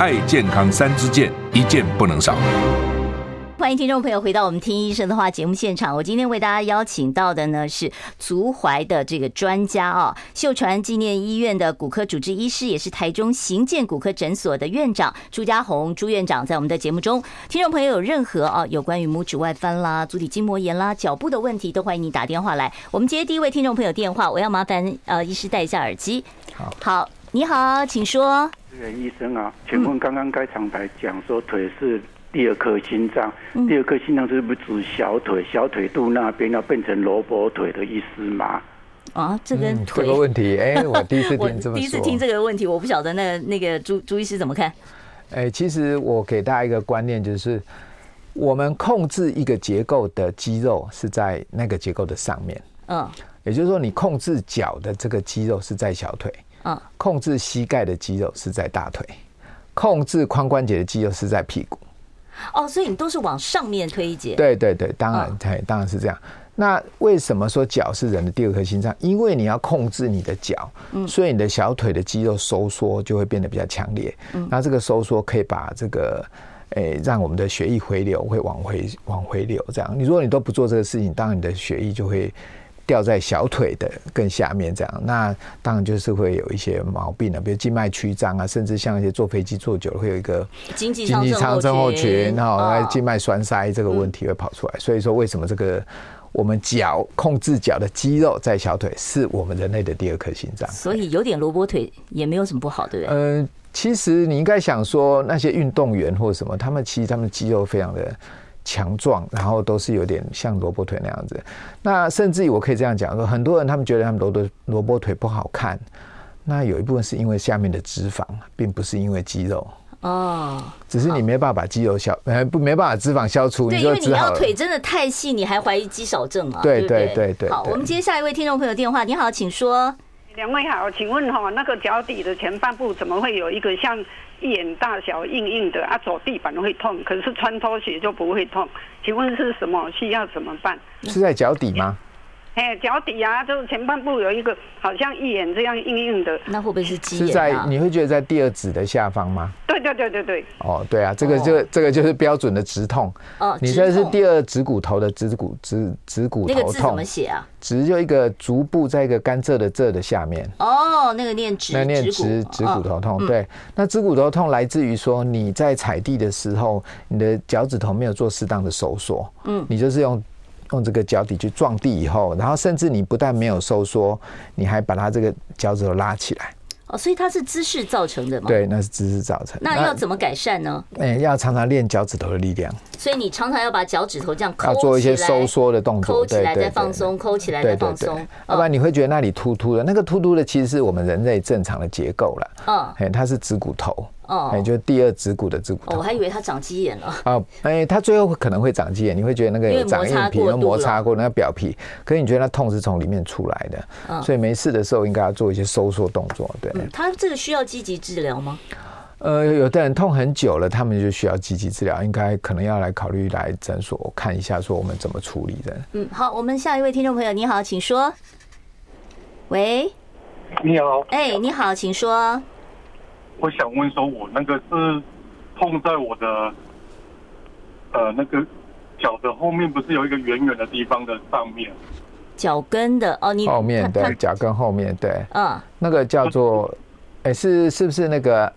愛健康三支箭，一箭不能少。歡迎聽眾朋友回到我們聽醫生的話節目現場。我今天為大家邀請到的呢是足踝的這個專家啊、哦，秀傳紀念醫院的骨科主治醫師，也是台中行健骨科診所的院長朱家宏朱院長，在我們的節目中，聽眾朋友有任何啊有關於拇趾外翻啦、足底筋膜炎啦、腳部的問題，都歡迎你打電話來。我們接第一位聽眾朋友電話，我要麻煩呃醫師戴一下耳機好。好，你好，請說。醫生啊，請問剛剛開場台講說腿是第二顆心臟，第二顆心臟是不是指小腿？小腿肚那邊要變成蘿蔔腿的意思嗎？啊，這個腿、嗯。這個問題，哎、欸，我第一次聽這麼。 我第一次聽這個問題，我不曉得那個、那個朱朱醫師怎麼看？哎、欸，其實我給大家一個觀念，就是我們控制一個結構的肌肉是在那個結構的上面。嗯、哦，也就是說，你控制腳的這個肌肉是在小腿。控制膝蓋的肌肉是在大腿，控制髖關節的肌肉是在屁股。哦、oh，所以你都是往上面推一節。對對對，當然、oh.，當然是這樣。那為什麼說腳是人的第二顆心臟？因為你要控制你的腳，所以你的小腿的肌肉收縮就會變得比較強烈。嗯，那這個收縮可以把這個，誒、欸，讓我們的血液回流會往回往回流。這樣，你如果你都不做這個事情，當然你的血液就會。掉在小腿的更下面，這樣，那當然就是會有一些毛病了，比如靜脈曲張啊，甚至像一些坐飛機坐久了會有一個經濟艙症候群。候群哦、然後靜脈栓塞這個問題會跑出來。嗯、所以說，為什麼這個我們腳控制腳的肌肉在小腿是我們人類的第二顆心臟？所以有點蘿蔔腿也沒有什麼不好對不對？對嗯，其實你應該想說那些運動員或者什麼，他們其實他們肌肉非常的。強壯，然後都是有點像蘿蔔腿那樣子。那甚至於我可以這樣講說，很多人他們覺得他們蘿蔔蘿蔔腿不好看，那有一部分是因為下面的脂肪，並不是因為肌肉。哦，只是你沒辦法把肌肉消，哦，呃，不，沒辦法脂肪消除，你就只好。對，因為你要腿真的太細，你還懷疑肌少症啊。對對對對，對，對對對。好，我們接下一位聽眾朋友電話。你好，請說。兩位好，請問哈，哦，那個腳底的前半部怎麼會有一個像一眼大小硬硬的，啊，走地板會痛，可是穿拖鞋就不會痛。請問是什麼？需要怎麼辦？是在腳底嗎？哎，腳底啊，就是前半部有一個好像一眼這樣硬硬的，那會不會是雞眼啊？是在你會覺得在第二指的下方嗎？對對對對對。哦，對啊，這個就，哦，這個就是標準的蹠痛。哦，你說的是第二蹠骨頭的蹠骨、蹠、蹠骨頭痛。那個，怎麼寫啊？蹠就一個足部，在一個甘蔗的蔗的下面。哦，那個念蹠。那個，念蹠、蹠骨頭痛。哦，對，嗯，那蹠骨頭痛來自於說你在踩地的時候，你的腳趾頭沒有做適當的收縮。嗯，你就是用。用這個腳底去撞地以後，然後甚至你不但沒有收縮，你還把它這個腳趾頭拉起來哦，所以它是姿勢造成的嗎？對，那是姿勢造成。那要怎麼改善呢？哎、欸，要常常練腳趾頭的力量。所以你常常要把腳趾頭這樣摳起來，做一些收縮的動作，摳起來再放鬆，摳起來再放鬆、哦。要不然你會覺得那裡凸凸的，那個凸凸的其實是我們人類正常的結構了。嗯、哦欸，它是趾骨頭。哦，哎、欸，就是第二指骨的指骨痛、啊、哦，我還以為他長雞眼了啊！哎、哦欸，他最後可能會長雞眼，你會覺得那個有長硬摩擦皮，有摩擦過那個表皮，可是你覺得他痛是從裡面出來的、哦，所以沒事的時候應該要做一些收縮動作。對、嗯，他這個需要積極治療嗎？呃，有的人痛很久了，他們就需要積極治療，應該可能要來考慮來診所看一下，說我們怎麼處理的、這個。嗯，好，我們下一位聽眾朋友，你好，請說。喂，你好。哎、欸，你好，請說。我想問說我，我那個是碰在我的，呃，那個腳的後面，不是有一個圓圓的地方的上面，腳跟的哦，你看看後面對，腳跟後面，對，嗯、啊，那個叫做，哎、欸，是是不是那個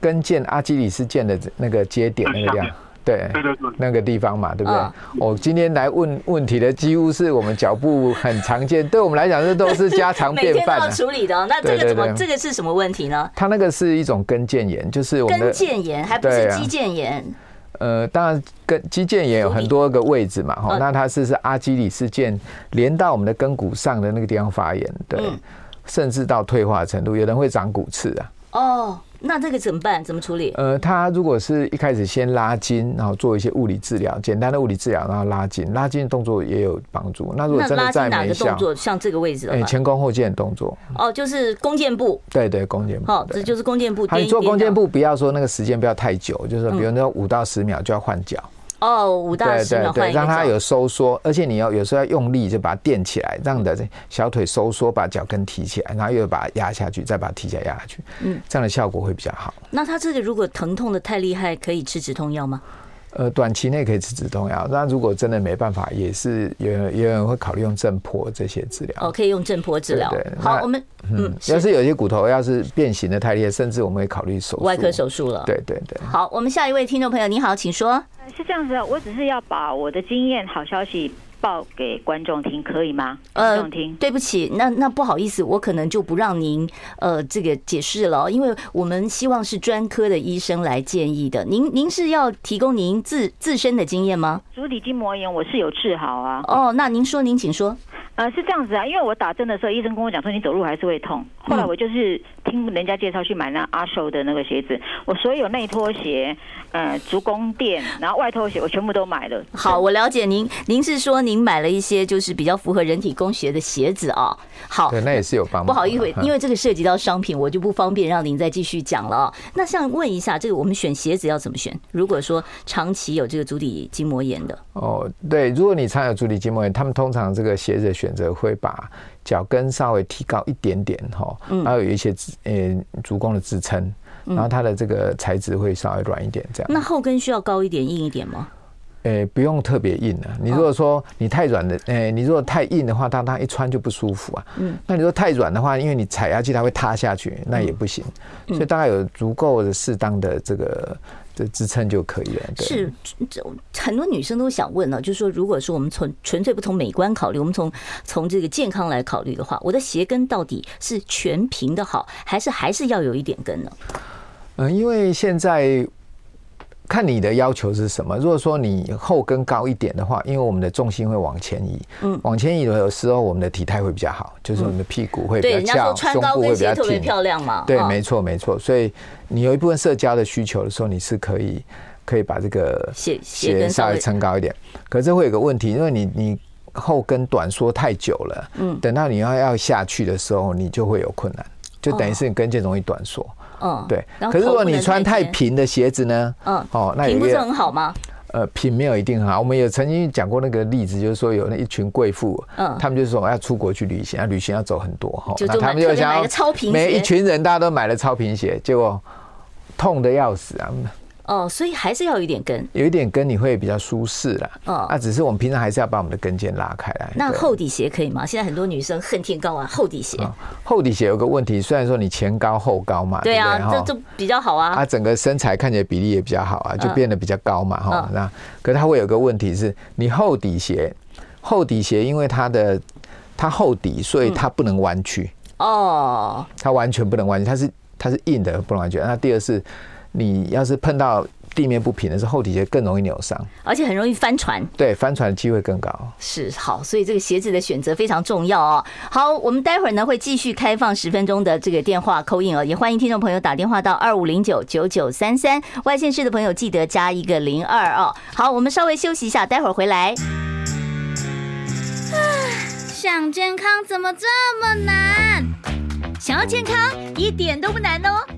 跟腱阿基里斯腱的那個接點那個樣？對，那個地方嘛，對不對？我、哦哦，今天來問問題的，幾乎是我們腳部很常見， 對我們來講，這都是家常便飯、啊。 每天都要處理的、哦，那這個怎麼對對對？這個是什麼問題呢？它那個是一種跟腱炎，就是我們的跟腱炎，還不是肌腱炎。呃，當然，跟肌腱炎有很多個位置嘛，哈、嗯哦。那它是是阿基里斯腱連到我們的跟骨上的那個地方發炎，對、嗯，甚至到退化程度，有人會長骨刺啊。哦。那這個怎麼辦？怎麼處理？呃，他如果是一開始先拉筋，然後做一些物理治療，簡單的物理治療，然後拉筋，拉筋的動作也有幫助。那如果真的在沒那哪個動作像這個位置的話，哎、欸，前弓後箭的動作。哦，就是弓箭步。對，對對，弓箭步。好、哦，這是就是弓箭步。你做弓箭步，不要說那個時間不要太久，就是比如說五到十秒就要換腳。嗯哦、oh，五到十，對，讓它有收縮，而且你要有，有時候要用力，就把它墊起來，讓你的小腿收縮，把腳跟提起來，然後又把它壓下去，再把它提起來壓下去，嗯，這樣的效果會比較好。那它這個如果疼痛的太厲害，可以吃止痛藥嗎？呃，短期內可以吃止、止痛藥。那如果真的沒辦法，也是有有人會考慮用震波這些治療。哦，可以用震波治療。對，對，好，我們嗯，要是有些骨頭要是變形的太厲害，甚至我們會考慮手術，外科手術了。對對對。好，我們下一位聽眾朋友，你好，請說。是這樣子，哦，我只是要把我的經驗，好消息。報給觀眾聽可以嗎？呃，對不起，那那不好意思，我可能就不讓您呃這個解釋了哦，因為我們希望是專科的醫生來建議的。您您是要提供您自自身的經驗嗎？足底筋膜炎我是有治好啊。哦，那您說您請說。呃，是這樣子啊，因為我打針的時候，醫生跟我講說，你走路還是會痛。後來我就是聽人家介紹去買那阿壽的那個鞋子，我所有內拖鞋、呃足弓墊，然後外拖鞋我全部都買了。好，我了解您，您是說您買了一些就是比較符合人體工學的鞋子啊、哦？好對，那也是有方法、啊。不好意思，因為這個涉及到商品，我就不方便讓您再繼續講了、哦嗯、那想問一下，這個我們選鞋子要怎麼選？如果說長期有這個足底筋膜炎的，哦，對，如果你常有足底筋膜炎，他們通常這個鞋子的選。選擇會把腳跟稍微提高一點點，齁、嗯，然後還有一些呃、欸，足弓的支撐、嗯，然後它的這個材質會稍微軟一點，這樣。那後跟需要高一點、硬一點嗎？誒、欸，不用特別硬啊。你如果說你太軟的，誒、欸，你如果太硬的話，當它一穿就不舒服啊。嗯。那你說太軟的話，因為你踩下去它會塌下去，那也不行。嗯嗯、所以大概有足夠的、適當的這個。這支撐就可以了。對。是，這很多女生都想問了、啊，就是說，如果說我們從純粹不從美觀考慮，我們從從這個健康來考慮的話，我的鞋跟到底是全平的好，還是還是要有一點跟呢？嗯，因為現在。看你的要求是什麼。如果說你後跟高一點的話，因為我們的重心會往前移，嗯、往前移的時候，我們的體態會比較好、嗯，就是我們的屁股會比較翹，嗯、胸部會比較挺。對，人家說穿高跟鞋特別漂亮嘛。對，哦、沒錯，沒錯。所以你有一部分社交的需求的時候，你是可以可以把這個鞋鞋稍微撐高一點。可是會有個問題，因為你你後跟短縮太久了，嗯，等到你要要下去的時候，你就會有困難，就等於是你跟腱容易短縮。哦嗯，對。可是如果你穿太平的鞋子呢？嗯，哦，那也不是很好嗎？呃，平沒有一定很好。我們有曾經講過那個例子，就是說有那一群貴婦，嗯，他們就說要出國去旅行，要旅行要走很多哈、哦，那他們就想要買超平，每一群人大家都買了超平鞋，結果痛的要死啊！哦、oh,，所以還是要有一點跟，有一點跟你會比較舒適啦。哦、oh,，啊，只是我們平常還是要把我們的跟腱拉開來。Oh, 那厚底鞋可以嗎？現在很多女生恨天高啊，厚底鞋。厚、oh, 底鞋有個問題，雖然說你前高後高嘛，對啊，對對這這比較好啊。啊，整個身材看起來比例也比較好啊，就變得比較高嘛，哈、oh. 哦。那可是它會有個問題是你厚底鞋，厚底鞋因為它的它厚底，所以它不能彎曲。哦、嗯，oh. 它完全不能彎曲，它是它是硬的，不能彎曲。那第二是。你要是碰到地面不平的時候，厚底鞋更容易扭傷，而且很容易翻船。對，翻船的機會更高。是好，所以這個鞋子的選擇非常重要哦。好，我們待會兒呢會繼續開放十分鐘的這個電話 call in 哦，也歡迎聽眾朋友打電話到二五零九九九三三，外縣市的朋友記得加一個零二哦。好，我們稍微休息一下，待會兒回來。想健康怎麼這麼難？想要健康一點都不難哦。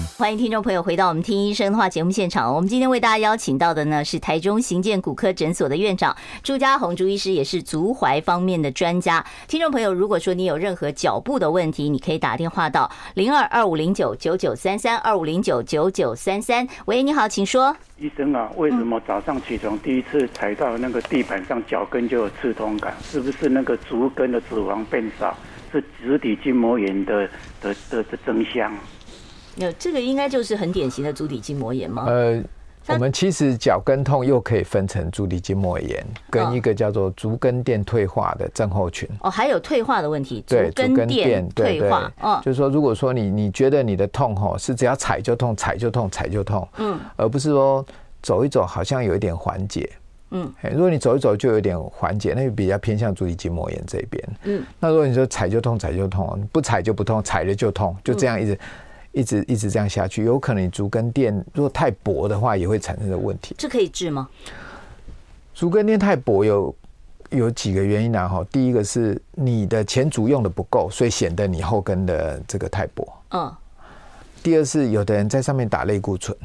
歡迎聽眾朋友回到我們聽醫生的話節目現場。我們今天為大家邀請到的呢，是台中行健骨科診所的院長朱家宏朱醫師，也是足踝方面的專家。聽眾朋友，如果說你有任何腳部的問題，你可以打電話到零二二五零九九九三三二五零九九九三三。喂，你好，請說。醫生啊，為什麼早上起床第一次踩到那個地板上，腳跟就有刺痛感？是不是那個足跟的脂肪變少，是足底筋膜炎的的的的徵象？有，這個應該就是很典型的足底筋膜炎嗎？呃，我們其實腳跟痛又可以分成足底筋膜炎跟一個叫做足跟墊退化的症候群。哦，還有退化的問題，對，足跟墊退化，對對對、哦。就是說，如果說你你覺得你的痛吼是只要踩就痛，踩就痛，踩就痛，嗯，而不是說走一走好像有一點緩解，嗯、欸，如果你走一走就有點緩解，那就比較偏向足底筋膜炎這邊。嗯，那如果你說踩就痛，踩就痛，不踩就不痛，踩了就痛，就這樣一直。嗯一直一直這樣下去，有可能你足跟墊如果太薄的話，也會產生這個問題。這可以治嗎？足跟墊太薄有有幾個原因呢？哈，第一個是你的前足用的不夠，所以顯得你後跟的這個太薄。嗯、哦。第二是有的人在上面打類固醇。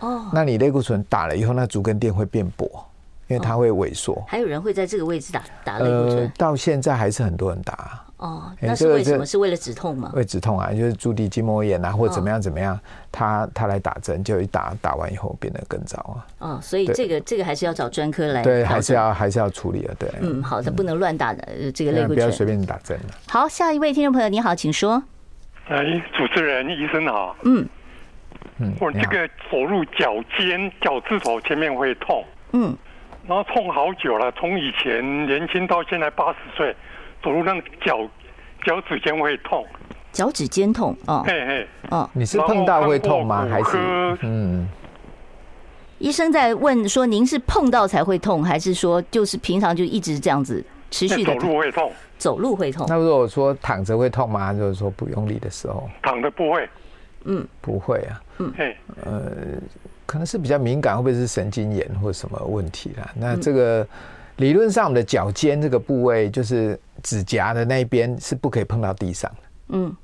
哦。那你類固醇打了以後，那足跟墊會變薄，因為它會萎縮、哦。還有人會在這個位置打打類固醇、呃？到現在還是很多人打。哦，那是為什麼、欸、是,是為了止痛嗎？為止痛啊，就是足底筋膜炎啊，哦、或者怎麼樣怎麼樣，他他來打針，就一打打完以後變得更糟啊。哦，所以這個這個還是要找專科來，對，還是要還是要處理的，對。嗯，好的，不能亂打的，嗯、這個類、嗯、不要隨便打針好，下一位聽眾朋友，你好，請說。哎、呃，主持人醫生好。嗯。嗯。我這個走入腳尖腳趾頭前面會痛，嗯，然後痛好久了，從以前年輕到現在八十歲。走路那個腳腳趾尖會痛，腳趾尖痛啊。哦，嘿嘿，啊、哦，你是碰到會痛嗎？還是嗯？醫生在問說，您是碰到才會痛，還是說就是平常就一直這樣子持續的走路會痛？走路會痛。那如果說躺着會痛嗎？就是說不用力的時候，躺着不會，嗯，不會啊，嗯嘿，呃，可能是比較敏感，會不會是神經炎或什麼問題啊？那這個。嗯理論上，我們的腳尖這個部位，就是指甲的那一邊，是不可以碰到地上的。嗯。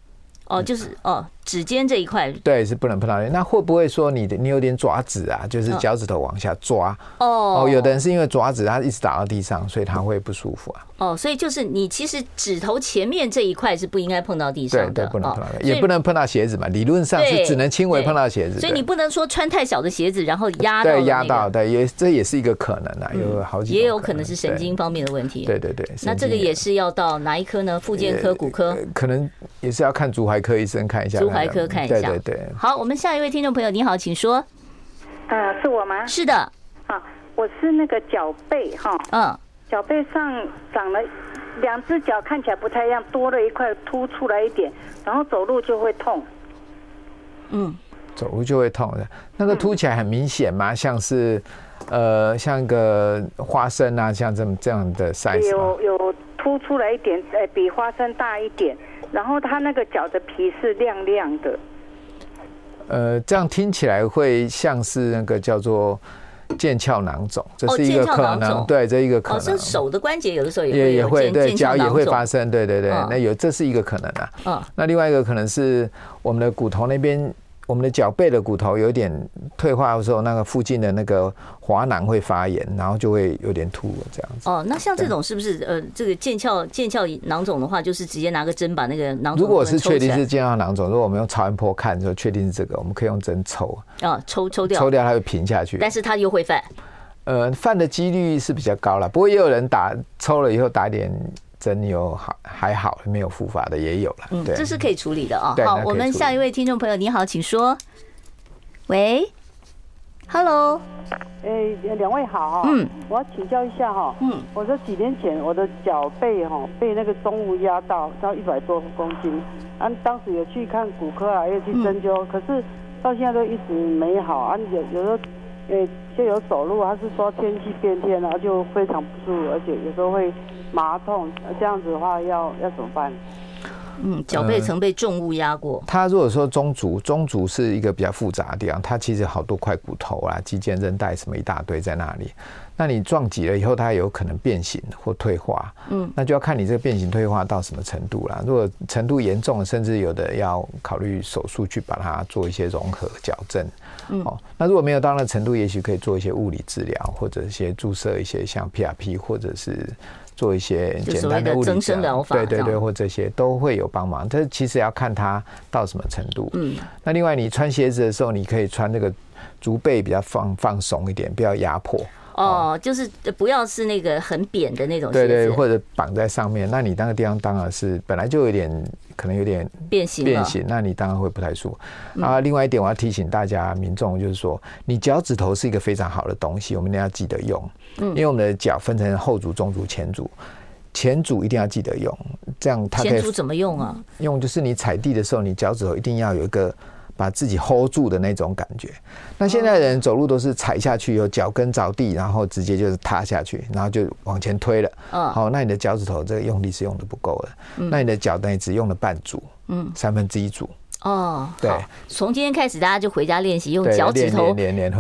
哦，就是哦，指尖這一塊，對是不能碰到的。那會不會說你的，你有點爪子啊？就是腳趾頭往下抓哦，哦。有的人是因為爪子，他一直打到地上，所以他會不舒服啊。哦，所以就是你其實指頭前面這一塊是不應該碰到地上的，對，對，不能碰到，哦，也不能碰到鞋子嘛。理論上是只能輕微碰到鞋子，所以你不能說穿太小的鞋子，然後壓到壓，那個，到，對，也這也是一個可能啊。有好幾、嗯、也有可能是神經方面的問題，對。對對對，那這個也是要到哪一科呢？復健科、骨科，呃，可能也是要看主。外科醫生看一下，足踝科看一下。對對對，好，我們下一位聽眾朋友，你好，請說。呃，是我嗎？是的。啊，我是那個腳背哈、哦。嗯。腳背上長了兩只腳，看起來不太一樣，多了一塊凸出來一點，然後走路就會痛。嗯。走路就會痛，那個凸起來很明顯嗎、嗯？像是呃，像一個花生啊，像這麼這樣的 size？有有凸出來一點，呃、欸，比花生大一點。然後他那個腳的皮是亮亮的，呃，這樣聽起來會像是那個叫做腱鞘囊腫，這是一個可能、哦，對，這一個可能。哦、手的關節有的時候也會也會對，腳也會發生，對對對，哦、那有這是一個可能啊。嗯、哦，那另外一個可能是我們的骨頭那邊。我們的腳背的骨頭有點退化的時候，那個附近的那個滑囊會發炎，然後就會有點凸這樣子。哦，那像這種是不是呃，這個腱鞘腱鞘囊腫的話，就是直接拿個針把那個囊腫，如果是確定是腱鞘囊腫，如果我們用超音波看的時候確定是這個，我們可以用針抽。啊、哦，抽抽掉。抽掉它會平下去。但是它又會犯。呃，犯的幾率是比較高了，不過也有人打，抽了以後打一點。真有好，還好沒有復發的也有了。嗯，對，這是可以處理的啊、喔。好，我們下一位聽眾朋友，你好，請說。喂，Hello，哎、欸，兩位好哈、喔，嗯，我要請教一下哈、喔，嗯，我說幾年前我的腳背哈被那個重物壓到，到一百多公斤，啊，當時有去看骨科啊，又去針灸、嗯，可是到現在都一直沒好，啊，有有時候，哎、欸，就有走路還是說天氣變天啊，然後就非常不舒服，而且有時候會。麻痛，這樣子的話要要怎麼辦？嗯，腳背曾被重物壓過。他、嗯、如果說中足，中足是一個比較複雜的地方，它其實好多塊骨頭啊、肌腱、韌帶什麼一大堆在那裡。那你撞擊了以後，它有可能變形或退化。嗯，那就要看你這個變形退化到什麼程度了。如果程度嚴重，甚至有的要考慮手術去把它做一些融合矯正、嗯。哦，那如果沒有到那個程度，也許可以做一些物理治療，或者一些注射一些像 PRP 或者是。做一些簡單的物理療法，對對對，或這些都會有幫忙。但是其實要看它到什麼程度。嗯，那另外你穿鞋子的時候，你可以穿那個足背比較放放鬆一點，不要壓迫，嗯。哦，就是不要是那個很扁的那種，對對對，或者綁在上面。那你那個地方當然是本來就有點，可能有點變形，變形了。那你當然會不太舒服啊。另外一點，我要提醒大家民眾就是說，嗯，你腳趾頭是一個非常好的東西，我們一定要記得用。嗯，因為我們的腳分成後足、中足、前足，前足一定要記得用，這樣它前足怎麼用啊？用就是你踩地的時候，你腳趾頭一定要有一個。把自己 hold 住的那種感覺。那現在的人走路都是踩下去，有腳跟着地，然後直接就是塌下去，然後就往前推了。嗯。好、哦，那你的腳趾頭這個用力是用的不夠的。那你的腳等於只用了半組。嗯。三分之一組。哦。對。從今天開始，大家就回家練習，用腳趾頭，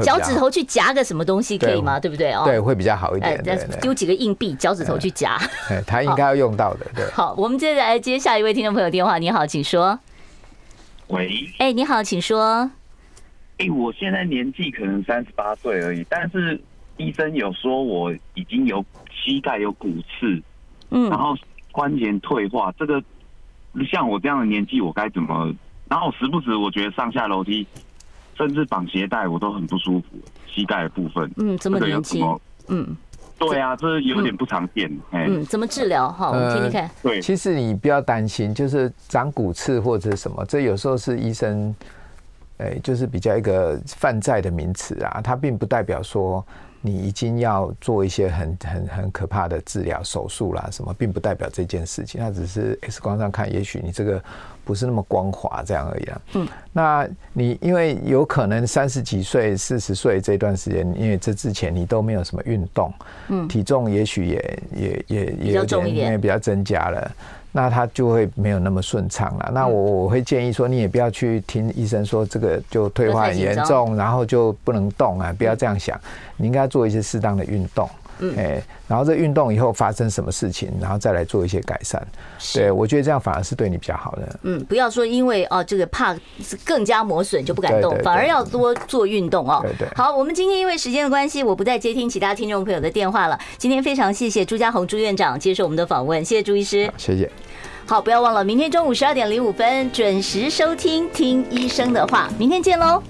腳趾頭去夾個什麼東西可以嗎對？對不對？哦。對，會比較好一點。丟、欸、幾個硬幣，腳趾頭去夾、欸欸。他應該要用到的、哦。對。好，我們接着來接下一位聽眾朋友電話。你好，請說。喂，哎、欸，你好，請說。哎、欸，我現在年紀可能三十八歲而已，但是醫生有說我已經有膝蓋有骨刺，嗯，然後關節退化，這個像我這樣的年紀，我該怎麼？然後時不時我覺得上下樓梯，甚至綁鞋帶，我都很不舒服，膝蓋的部分。嗯，這麼年輕，嗯。對啊，這有點不常見。嗯，欸、嗯，怎麼治療哈？我們聽聽看。對、呃，其實你不要擔心，就是長骨刺或者什麼，這有時候是醫生，欸、就是比較一個泛稱的名詞啊，它並不代表說。你已經要做一些很很很可怕的治療手術啦，什麼，並不代表這件事情。那只是 X 光上看，也許你這個不是那麼光滑這樣而已啊。嗯，那你因為有可能三十幾歲、四十歲這段時間，因為這之前你都沒有什麼運動，嗯，體重也許也也也也有點，比較重一點，因為比較增加了。那它就會沒有那麼順暢了。那我我會建議說，你也不要去聽醫生說這個就退化很嚴重，然後就不能動啊，不要這樣想。你應該做一些適當的運動。嗯，哎、欸，然後這運動以後發生什麼事情，然後再來做一些改善。對，我覺得這樣反而是對你比較好的。嗯，不要說因為哦，這個怕更加磨損就不敢動，對對對，反而要多做運動哦。對，對對。好，我們今天因為時間的關係，我不再接聽其他聽眾朋友的電話了。今天非常謝謝朱家宏朱院長接受我們的訪問，謝謝朱醫師，啊，謝謝。好，不要忘了明天中午十二點零五分準時收聽，聽醫生的話，明天見嘍。